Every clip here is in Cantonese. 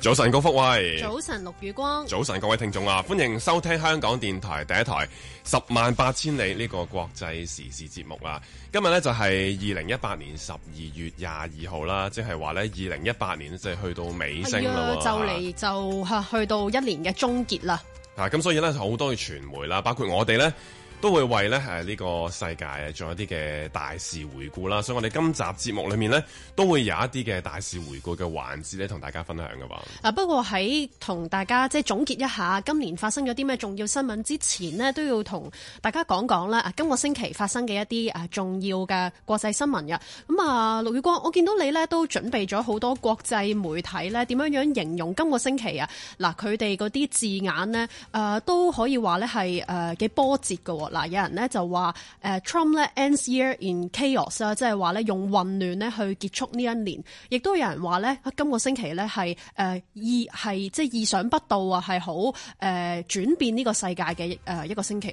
早晨，高福慧。早晨，陸雨光。早晨，各位聽眾啊，歡迎收聽香港電台第一台《十萬八千里》呢個國際時事節目啊。今日呢，就係二零一八年十二月廿二號啦，即係話呢，二零一八年即係去到尾聲啦，哎、就嚟就去到一年嘅終結啦。嗱、啊，咁所以呢，好多嘅傳媒啦，包括我哋呢。都會為咧係呢、啊呢個世界啊，做一啲嘅大事回顧啦，所以我哋今集節目裏面呢，都會有一啲嘅大事回顧嘅環節咧，同大家分享㗎噃。啊，不過喺同大家即係總結一下今年發生咗啲咩重要新聞之前呢，都要同大家講講啦啊，今個星期發生嘅一啲啊重要嘅國際新聞啊，咁、嗯、啊，陸宇光，我見到你呢都準備咗好多國際媒體呢，點樣樣形容今個星期啊，嗱佢哋嗰啲字眼呢，誒、啊、都可以話呢係誒幾波折喎、啊。嗱，有人咧就話，誒 Trump ends year in chaos 啊，即係話咧用混亂咧去結束呢一年，亦都有人話咧今個星期咧係誒意係即係意想不到啊，係好誒轉變呢個世界嘅誒一個星期。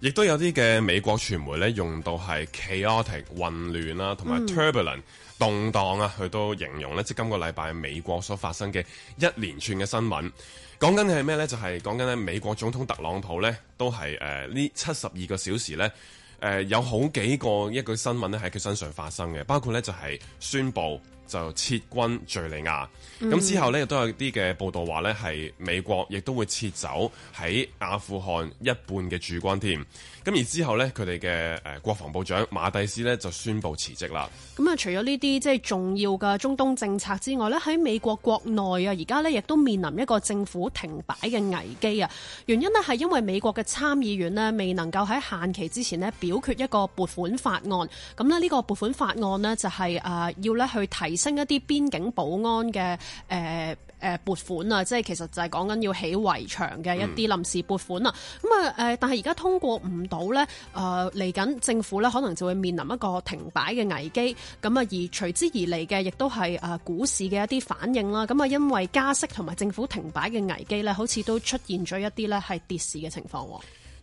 亦都有啲嘅美國傳媒咧用到係 chaotic 混亂啦，同埋 turbulent、嗯、動蕩啊，佢都形容咧即係今個禮拜美國所發生嘅一連串嘅新聞。講緊係咩呢？就係講緊咧美國總統特朗普呢，都係誒呢七十二個小時呢，誒、呃、有好幾個一句新聞咧喺佢身上發生嘅，包括呢就係、是、宣布。就撤軍敍利亞，咁、嗯、之後呢，亦都有啲嘅報道話呢係美國亦都會撤走喺阿富汗一半嘅駐軍添。咁而之後呢，佢哋嘅誒國防部長馬蒂斯呢就宣布辭職啦。咁啊、嗯，除咗呢啲即係重要嘅中東政策之外呢喺美國國內啊，而家呢亦都面臨一個政府停擺嘅危機啊。原因呢係因為美國嘅參議院呢未能夠喺限期之前呢表決一個撥款法案。咁咧呢個撥款法案呢，就係、是、誒、呃、要呢去提升一啲邊境保安嘅、誒誒撥款啊，即係其實就係講緊要起圍牆嘅一啲臨時撥款啊。咁啊誒，但係而家通過唔到咧，誒嚟緊政府咧可能就會面臨一個停擺嘅危機。咁啊，而隨之而嚟嘅亦都係誒、呃、股市嘅一啲反應啦。咁啊，因為加息同埋政府停擺嘅危機咧，好似都出現咗一啲咧係跌市嘅情況。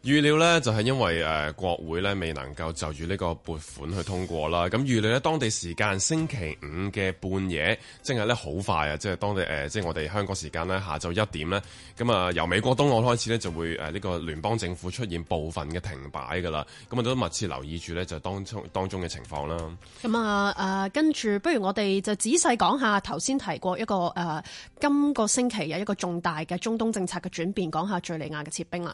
預料呢，就係、是、因為誒、呃、國會呢未能夠就住呢個撥款去通過啦。咁、嗯、預料呢，當地時間星期五嘅半夜，即係好快啊，即係當地誒、呃，即係我哋香港時間呢，下晝一點呢。咁、嗯、啊、呃、由美國東岸開始呢，就會誒呢、呃這個聯邦政府出現部分嘅停擺噶啦。咁、嗯、啊都密切留意住呢，就是、當,當中當中嘅情況啦。咁啊跟住不如我哋就仔細講下頭先提過一個誒、呃、今個星期有一個重大嘅中東政策嘅轉變，講下敘利亞嘅撤兵啦。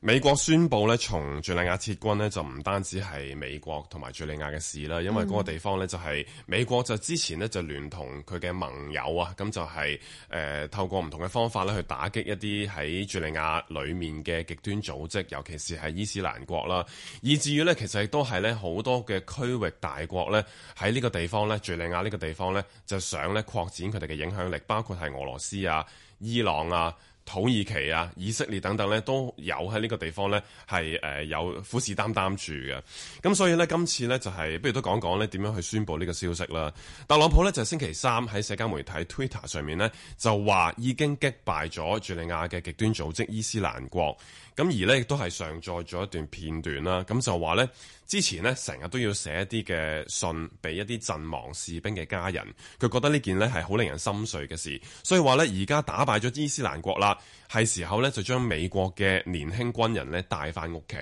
美國宣布咧從敍利亞撤軍咧，就唔單止係美國同埋敍利亞嘅事啦，因為嗰個地方咧就係美國就之前咧就聯同佢嘅盟友啊，咁就係、就、誒、是呃、透過唔同嘅方法咧去打擊一啲喺敍利亞裡面嘅極端組織，尤其是係伊斯蘭國啦，以至於呢，其實亦都係咧好多嘅區域大國呢喺呢個地方咧敍利亞呢個地方呢，就想咧擴展佢哋嘅影響力，包括係俄羅斯啊、伊朗啊。土耳其啊、以色列等等咧，都有喺呢個地方咧，係誒、呃、有虎視眈眈住嘅。咁所以咧，今次咧就係、係，不如都講講咧點樣去宣佈呢個消息啦。特朗普咧就係、星期三喺社交媒體 Twitter 上面咧，就話已經擊敗咗敘利亞嘅極端組織伊斯蘭國。咁而呢亦都係上載咗一段片段啦，咁就話呢，之前呢成日都要寫一啲嘅信俾一啲陣亡士兵嘅家人，佢覺得呢件呢係好令人心碎嘅事，所以話呢，而家打敗咗伊斯蘭國啦。係時候咧，就將美國嘅年輕軍人咧帶翻屋企。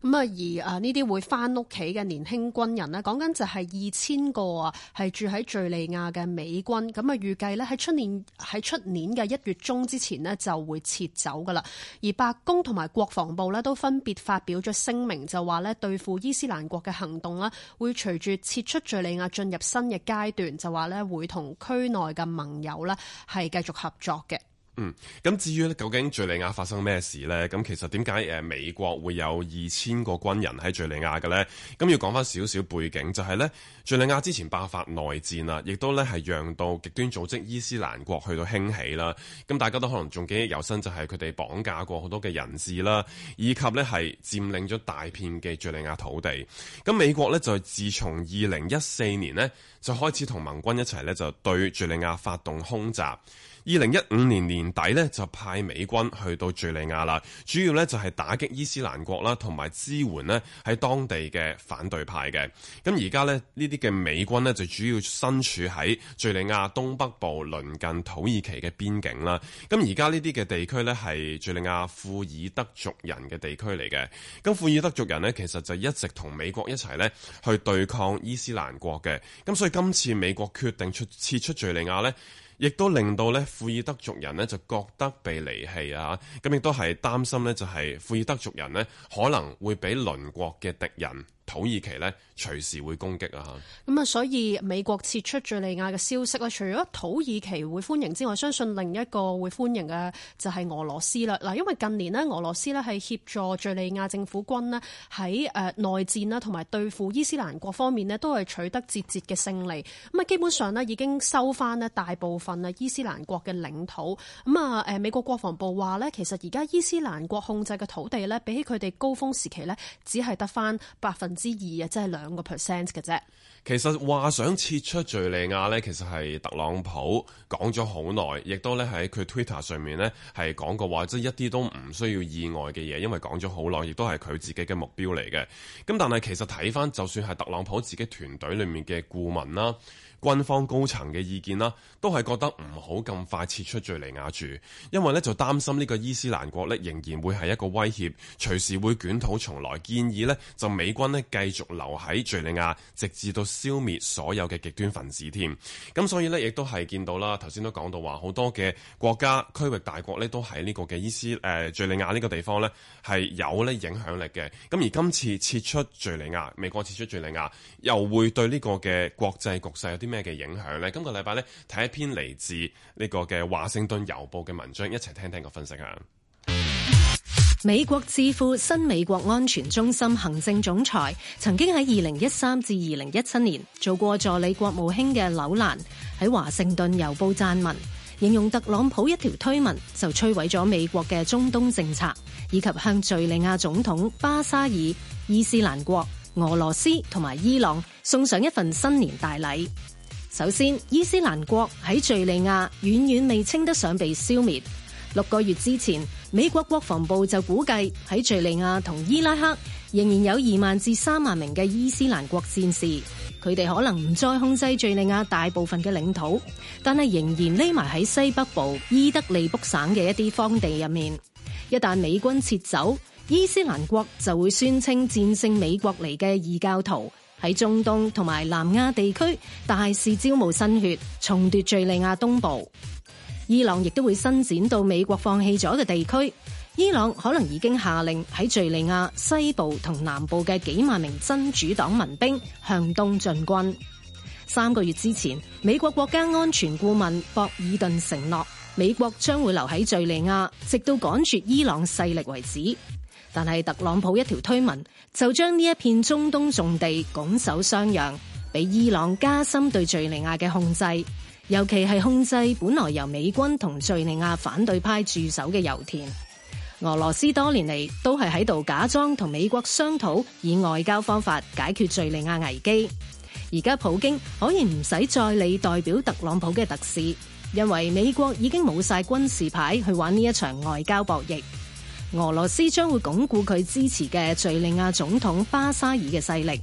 咁啊，而啊呢啲會翻屋企嘅年輕軍人呢，講緊就係二千個啊，係住喺敘利亞嘅美軍。咁啊，預計呢，喺出年喺出年嘅一月中之前呢，就會撤走噶啦。而白宮同埋國防部呢，都分別發表咗聲明，就話呢，對付伊斯蘭國嘅行動呢，會隨住撤出敘利亞進入新嘅階段，就話呢，會同區內嘅盟友呢，係繼續合作嘅。嗯，咁至於究竟敘利亞發生咩事呢？咁其實點解誒美國會有二千個軍人喺敘利亞嘅呢？咁要講翻少少背景，就係呢：敘利亞之前爆發內戰啦，亦都呢係讓到極端組織伊斯蘭國去到興起啦。咁大家都可能仲記憶猶新，就係佢哋綁架過好多嘅人質啦，以及呢係佔領咗大片嘅敘利亞土地。咁美國呢，就係自從二零一四年呢，就開始同盟軍一齊呢，就對敘利亞發動空襲。二零一五年年底呢，就派美軍去到敘利亞啦，主要呢，就係打擊伊斯蘭國啦，同埋支援呢喺當地嘅反對派嘅。咁而家呢，呢啲嘅美軍呢，就主要身處喺敘利亞東北部鄰近土耳其嘅邊境啦。咁而家呢啲嘅地區呢，係敘利亞庫爾德族人嘅地區嚟嘅。咁庫爾德族人呢，其實就一直同美國一齊呢去對抗伊斯蘭國嘅。咁所以今次美國決定出撤出敘利亞呢。亦都令到咧富爾德族人咧就覺得被離棄啊！咁亦都係擔心咧就係庫爾德族人咧可能會俾鄰國嘅敵人。土耳其呢，隨時會攻擊啊！嚇咁啊，所以美國撤出敘利亞嘅消息咧，除咗土耳其會歡迎之外，相信另一個會歡迎嘅就係俄羅斯啦。嗱，因為近年咧，俄羅斯咧係協助敘利亞政府軍咧喺誒內戰啦，同埋對付伊斯蘭國方面咧，都係取得節節嘅勝利。咁啊，基本上咧已經收翻咧大部分啊伊斯蘭國嘅領土。咁啊，誒，美國國防部話咧，其實而家伊斯蘭國控制嘅土地咧，比起佢哋高峰時期咧，只係得翻百分之之二啊，即係兩個 percent 嘅啫。其實話想撤出敍利亞呢，其實係特朗普講咗好耐，亦都咧喺佢 Twitter 上面呢，係講過話，即係一啲都唔需要意外嘅嘢，因為講咗好耐，亦都係佢自己嘅目標嚟嘅。咁但係其實睇翻，就算係特朗普自己團隊裏面嘅顧問啦、軍方高層嘅意見啦，都係覺得唔好咁快撤出敍利亞住，因為呢就擔心呢個伊斯蘭國呢，仍然會係一個威脅，隨時會捲土重來。建議呢就美軍咧。繼續留喺敍利亞，直至到消滅所有嘅極端分子添。咁所以呢，亦都係見到啦。頭先都講到話，好多嘅國家區域大國呢，都喺呢個嘅伊斯誒敍利亞呢個地方呢，係有呢影響力嘅。咁而今次撤出敍利亞，美國撤出敍利亞，又會對呢個嘅國際局勢有啲咩嘅影響呢？今個禮拜呢，睇一篇嚟自呢個嘅華盛頓郵報嘅文章，一齊聽聽個分析下。美國智庫新美國安全中心行政總裁，曾經喺二零一三至二零一七年做過助理國務卿嘅紐蘭喺華盛頓郵報撰文，形容特朗普一條推文就摧毀咗美國嘅中東政策，以及向敘利亞總統巴沙爾、伊斯蘭國、俄羅斯同埋伊朗送上一份新年大禮。首先，伊斯蘭國喺敘利亞遠遠未稱得上被消滅。六個月之前，美國國防部就估計喺敘利亞同伊拉克仍然有二萬至三萬名嘅伊斯蘭國戰士，佢哋可能唔再控制敘利亞大部分嘅領土，但係仍然匿埋喺西北部伊德利卜省嘅一啲荒地入面。一旦美軍撤走，伊斯蘭國就會宣稱戰勝美國嚟嘅異教徒，喺中東同埋南亞地區大肆招募新血，重奪敘利亞東部。伊朗亦都會伸展到美國放棄咗嘅地區，伊朗可能已經下令喺敘利亞西部同南部嘅幾萬名真主黨民兵向東進軍。三個月之前，美國國家安全顧問博爾頓承諾美國將會留喺敘利亞，直到趕絕伊朗勢力為止。但係特朗普一條推文就將呢一片中東重地拱手相讓，俾伊朗加深對敘利亞嘅控制。尤其係控制本來由美軍同敘利亞反對派駐守嘅油田，俄羅斯多年嚟都係喺度假裝同美國商討以外交方法解決敘利亞危機。而家普京可以唔使再理代表特朗普嘅特使，因為美國已經冇晒軍事牌去玩呢一場外交博弈。俄羅斯將會鞏固佢支持嘅敘利亞總統巴沙爾嘅勢力，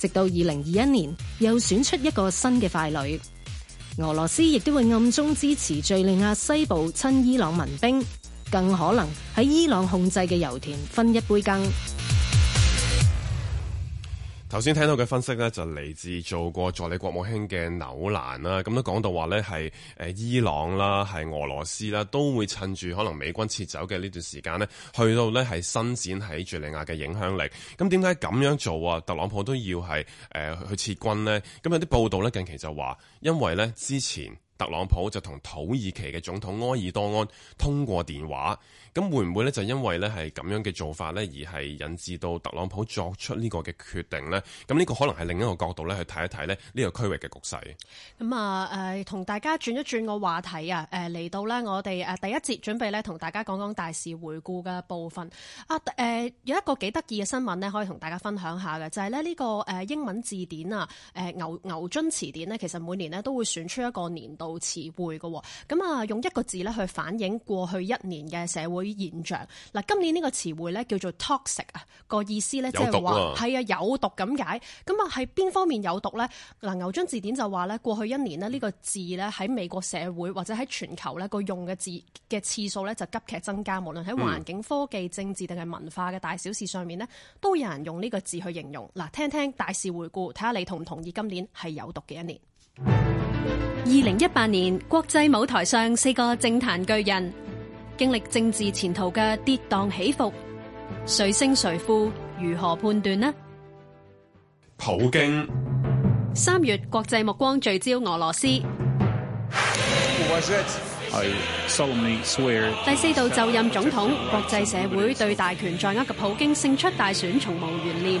直到二零二一年又選出一個新嘅傀儡。俄羅斯亦都會暗中支持敘利亞西部親伊朗民兵，更可能喺伊朗控制嘅油田分一杯羹。頭先聽到嘅分析咧，就嚟自做過助理國務卿嘅紐蘭啦，咁都講到話咧，係伊朗啦，係俄羅斯啦，都會趁住可能美軍撤走嘅呢段時間咧，去到咧係伸展喺敘利亞嘅影響力。咁點解咁樣做啊？特朗普都要係、呃、去撤軍呢。咁有啲報道咧近期就話，因為咧之前，特朗普就同土耳其嘅總統埃爾多安通過電話，咁會唔會咧就因為咧係咁樣嘅做法咧而係引致到特朗普作出呢個嘅決定咧？咁呢個可能係另一個角度咧去睇一睇咧呢個區域嘅局勢，咁啊誒，同大家轉一轉個話題啊誒，嚟到咧我哋誒第一節準備咧同大家講講大事回顧嘅部分啊誒、呃、有一個幾得意嘅新聞咧，可以同大家分享一下嘅就係咧呢個誒英文字典啊誒、呃、牛牛津詞典咧，其實每年咧都會選出一個年度。詞彙嘅，咁啊用一個字咧去反映過去一年嘅社會現象。嗱，今年呢個詞彙咧叫做 toxic 毒啊，個意思咧即係話係啊有毒咁解。咁啊係邊方面有毒咧？嗱，牛津字典就話咧，過去一年呢，呢個字咧喺美國社會或者喺全球咧個用嘅字嘅次數咧就急劇增加，無論喺環境、科技、政治定係文化嘅大小事上面咧，嗯、都有人用呢個字去形容。嗱，聽聽大事回顧，睇下你同唔同意今年係有毒嘅一年。二零一八年國際舞台上四個政壇巨人經歷政治前途嘅跌宕起伏，誰勝誰負，如何判斷呢？普京。三月國際目光聚焦俄羅斯。第四度就任總統，國際社會對大權在握嘅普京勝出大選從無懸念。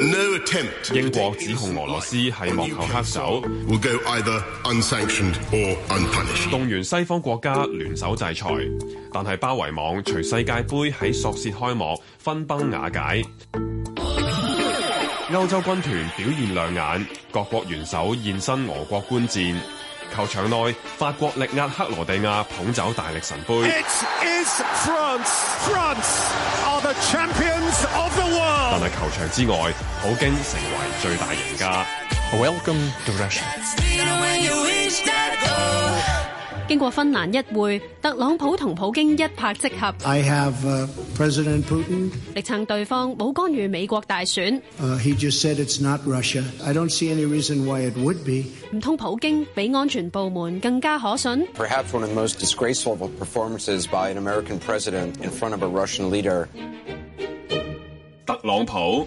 No attempt. 英國指控俄羅斯係幕後黑手，動員西方國家聯手制裁，但係包圍網隨世界盃喺索契開幕，分崩瓦解。歐洲軍團表現亮眼，各國元首現身俄國觀戰。球場內，法國力壓克羅地亞捧走大力神杯。It is France. France are the champions of the world. 但係球場之外，普京成為最大贏家。Welcome to Russia. 經過芬蘭一會，特朗普同普京一拍即合，I have President Putin. 力撐對方冇干預美國大選。He just said it's not Russia. I don't see any reason why it would be. 唔通普京比安全部門更加可信？Perhaps one of the most disgraceful performances by an American president in front of a Russian leader. 特朗普。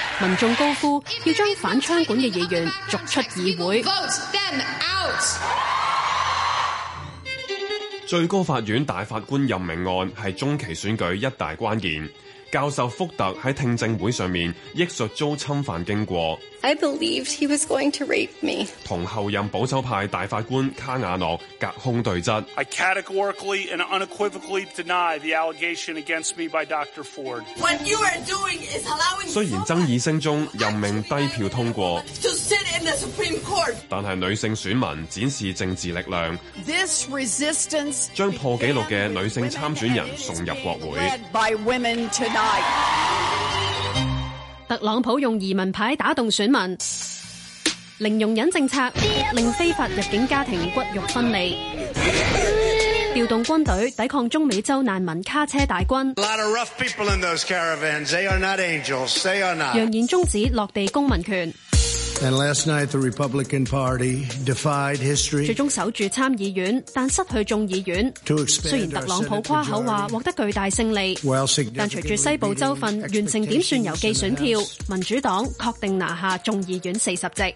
民眾高呼要將反槍管嘅議員逐出議會。最高法院大法官任命案係中期選舉一大關鍵。教授福特喺聽證會上面憶述遭侵犯經過，I believed he was going to rape me. 同後任保守派大法官卡瓦諾隔空對質。I categorically and unequivocally deny the allegation against me by Dr. Ford. What you are doing is allowing 雖然爭議聲中任命低票通過，但係女性選民展示政治力量，將 This resistance 破紀錄嘅女性參選人送入國會。By women 特朗普用移民牌打動選民，零容忍政策令非法入境家庭骨肉分離，調動軍隊抵抗中美洲難民卡車大軍，A lot of rough people in those caravans. They are not angels. They are not. 揚言終止落地公民權。And last night, the Republican Party defied history. 最終守住參議院，但失去眾議院。雖然特朗普誇口話獲得巨大勝利，但隨住西部州份完成點算郵寄選票，民主黨確定拿下眾議院四十席。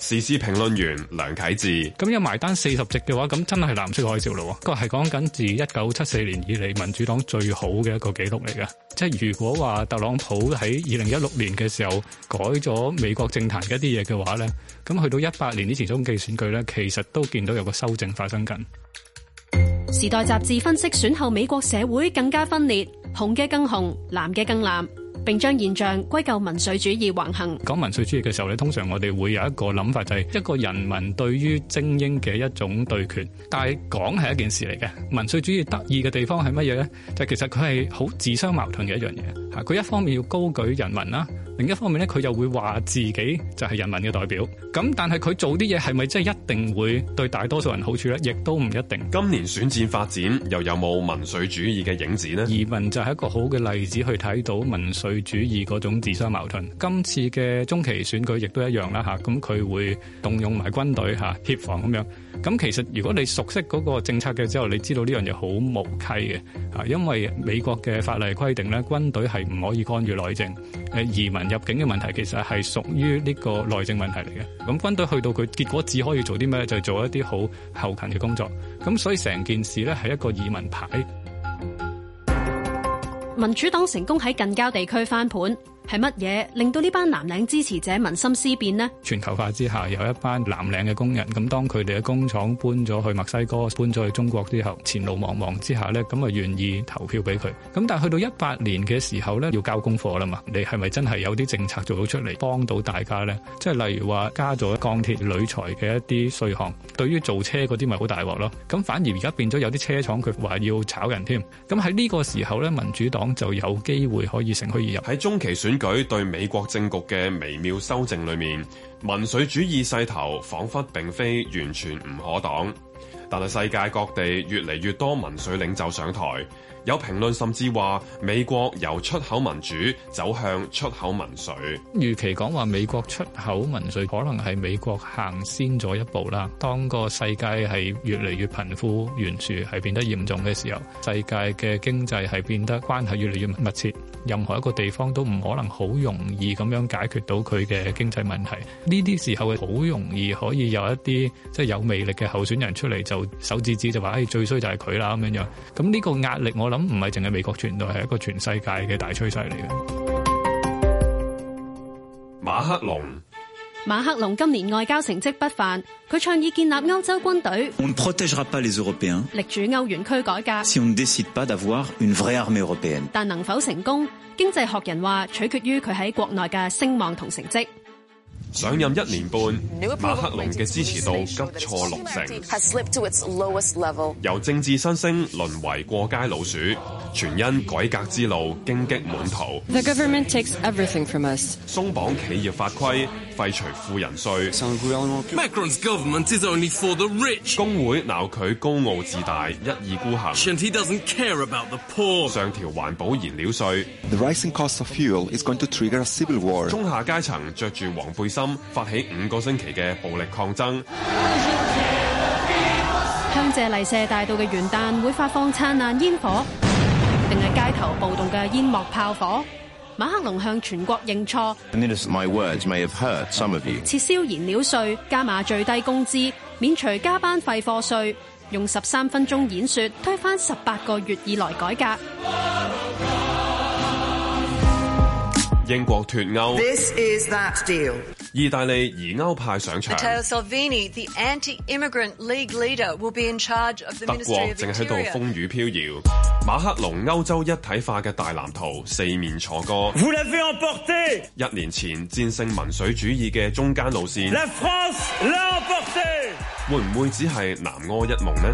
時事評論員梁啟智：咁有埋單四十席嘅話，咁真係藍色海嘯咯。個係講緊自一九七四年以嚟民主黨最好嘅一個紀錄嚟嘅。即係如果話特朗普喺二零一六年嘅時候改咗美國政壇嘅一啲嘢嘅話咧，咁去到一八年呢次中期選舉咧，其實都見到有個修正，正發生緊。時代雜誌分析，選後美國社會更加分裂，紅嘅更紅，藍嘅更藍。並將現象歸咎民粹主義橫行。講民粹主義嘅時候咧，通常我哋會有一個諗法，就係一個人民對於精英嘅一種對決。但係講係一件事嚟嘅，民粹主義得意嘅地方係乜嘢咧？就係其實佢係好自相矛盾嘅一樣嘢。吓，佢一方面要高舉人民啦。另一方面咧，佢又會話自己就係人民嘅代表。咁但係佢做啲嘢係咪真係一定會對大多數人好處咧？亦都唔一定。今年選戰發展又有冇民粹主義嘅影子呢？移民就係一個好嘅例子去睇到民粹主義嗰種自相矛盾。今次嘅中期選舉亦都一樣啦吓，咁佢會動用埋軍隊吓，協防咁樣。咁其實如果你熟悉嗰個政策嘅之後，你知道呢樣嘢好無稽嘅啊，因為美國嘅法例規定咧，軍隊係唔可以干預內政。誒，移民入境嘅問題其實係屬於呢個內政問題嚟嘅。咁軍隊去到佢結果只可以做啲咩？就係做一啲好後勤嘅工作。咁所以成件事咧係一個移民牌。民主黨成功喺近郊地區翻盤。係乜嘢令到呢班藍領支持者民心思變呢？全球化之下，有一班藍領嘅工人，咁當佢哋嘅工廠搬咗去墨西哥、搬咗去中國之後，前路茫茫之下呢，咁啊願意投票俾佢。咁但係去到一八年嘅時候呢，要交功課啦嘛，你係咪真係有啲政策做到出嚟幫到大家呢？即係例如話加咗鋼鐵、鋁材嘅一啲稅項，對於做車嗰啲咪好大鑊咯？咁反而而家變咗有啲車廠佢話要炒人添。咁喺呢個時候呢，民主黨就有機會可以乘虛而入喺中期選舉對美國政局嘅微妙修正裏面，民粹主義勢頭仿佛並非完全唔可擋。但係世界各地越嚟越多民粹領袖上台，有評論甚至話美國由出口民主走向出口民粹。與其講話美國出口民粹，可能係美國行先咗一步啦。當個世界係越嚟越貧富懸殊係變得嚴重嘅時候，世界嘅經濟係變得關係越嚟越密切。任何一個地方都唔可能好容易咁樣解決到佢嘅經濟問題。呢啲時候係好容易可以有一啲即係有魅力嘅候選人出嚟就，手指指就話，誒、哎，最衰就係佢啦，咁樣樣。咁呢個壓力，我諗唔係淨係美國傳導，係一個全世界嘅大趨勢嚟嘅。馬克龍，馬克龍今年外交成績不凡，佢倡議建立歐洲軍隊，力主歐元區改革。但能否成功？經濟學人話，取決於佢喺國內嘅聲望同成績。上任一年半，馬克龍嘅支持度急挫六成，由政治新星淪為過街老鼠，全因改革之路荊棘滿途。鬆綁企業法規，廢除富人稅，馬克龍嘅政府只係為富人服務。工會鬧佢高傲自大，一意孤行。上調環保燃料稅，中下階層著住黃背心。發起五個星期嘅暴力抗爭，向謝麗舍大道嘅元旦會發放燦爛煙火，定係街頭暴動嘅煙幕炮火。馬克龍向全國認錯，My words may have hurt some of you。撤銷燃料稅，加碼最低工資，免除加班費課稅，用十三分鐘演說推翻十八個月以來改革。英國脫歐。意大利疑歐派上場。德國正喺度風雨飄搖。馬克龍歐洲一體化嘅大藍圖四面楚歌，一年前戰勝民粹主義嘅中間路線，會唔會只係南柯一夢呢？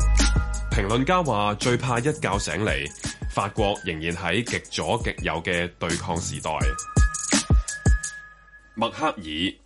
評論家話最怕一覺醒嚟，法國仍然喺極左極右嘅對抗時代。默克爾。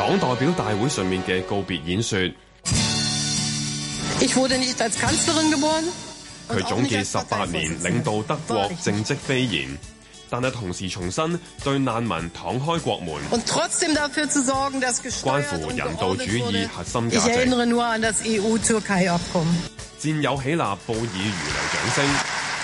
黨代表大會上面嘅告別演說。佢總結十八年領導德國政績斐然，但係同時重申對難民敞開國門，關乎人道主義核心價值。戰友喜納報以如雷掌聲。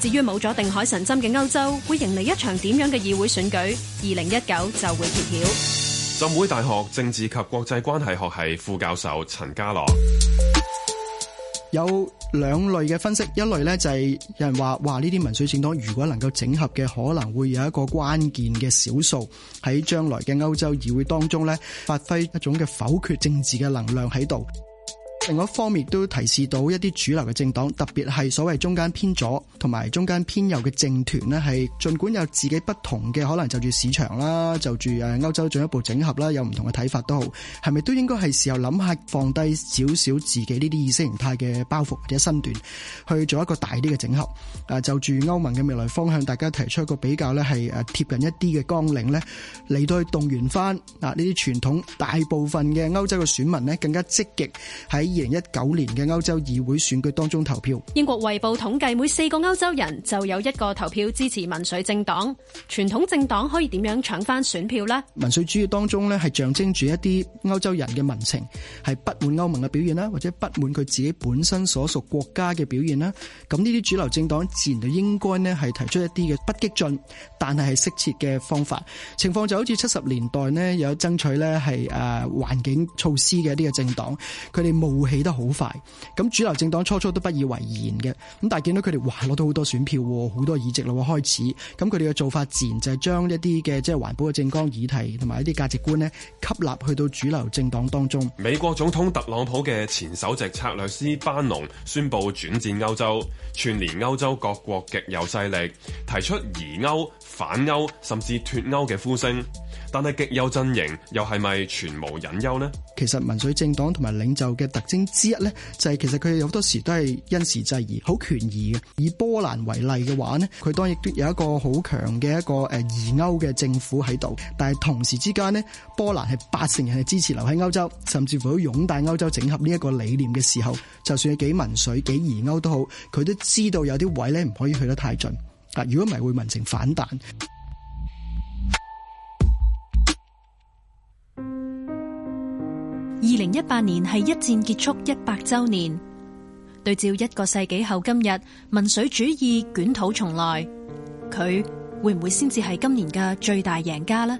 至於冇咗定海神針嘅歐洲，會迎嚟一場點樣嘅議會選舉？二零一九就會揭曉。浸會大學政治及國際關係學系副教授陳家樂有兩類嘅分析，一類呢，就係有人話話呢啲民粹政黨如果能夠整合嘅，可能會有一個關鍵嘅少數喺將來嘅歐洲議會當中呢，發揮一種嘅否決政治嘅能量喺度。另一方面都提示到一啲主流嘅政黨，特別係所謂中間偏左同埋中間偏右嘅政團咧，係盡管有自己不同嘅，可能就住市場啦，就住誒歐洲進一步整合啦，有唔同嘅睇法都好，係咪都應該係時候諗下放低少少自己呢啲意識形態嘅包袱或者身段，去做一個大啲嘅整合？啊，就住歐盟嘅未來方向，大家提出一個比較咧係誒貼近一啲嘅綱領咧，嚟到去動員翻啊呢啲傳統大部分嘅歐洲嘅選民咧，更加積極喺。二零一九年嘅歐洲議會選舉當中投票，英國衛報統計，每四個歐洲人就有一個投票支持民粹政黨。傳統政黨可以點樣搶翻選票咧？民粹主義當中咧，係象徵住一啲歐洲人嘅民情，係不滿歐盟嘅表現啦，或者不滿佢自己本身所屬國家嘅表現啦。咁呢啲主流政黨自然就應該咧係提出一啲嘅不激進，但係係適切嘅方法。情況就好似七十年代咧有爭取咧係誒環境措施嘅一啲嘅政黨，佢哋冇。起得好快，咁主流政黨初初都不以為然嘅，咁但係見到佢哋哇攞到好多選票，好多議席咯開始，咁佢哋嘅做法自然就係將一啲嘅即係環保嘅政綱議題同埋一啲價值觀咧吸納去到主流政黨當中。美國總統特朗普嘅前首席策略師班農宣布轉戰歐洲，串聯歐洲各國極右勢力，提出移歐。反歐甚至脫歐嘅呼聲，但係極右陣營又係咪全無隱憂呢？其實民粹政黨同埋領袖嘅特徵之一呢，就係、是、其實佢哋好多時都係因時制宜，好權宜嘅。以波蘭為例嘅話呢，佢當亦都有一個好強嘅一個誒疑歐嘅政府喺度，但係同時之間呢，波蘭係八成人係支持留喺歐洲，甚至乎擁戴歐洲整合呢一個理念嘅時候，就算係幾民粹、幾疑歐都好，佢都知道有啲位呢唔可以去得太盡。啊！如果唔係會民情反彈。二零一八年係一戰結束一百周年，對照一個世紀後今日，民粹主義捲土重來，佢會唔會先至係今年嘅最大贏家呢？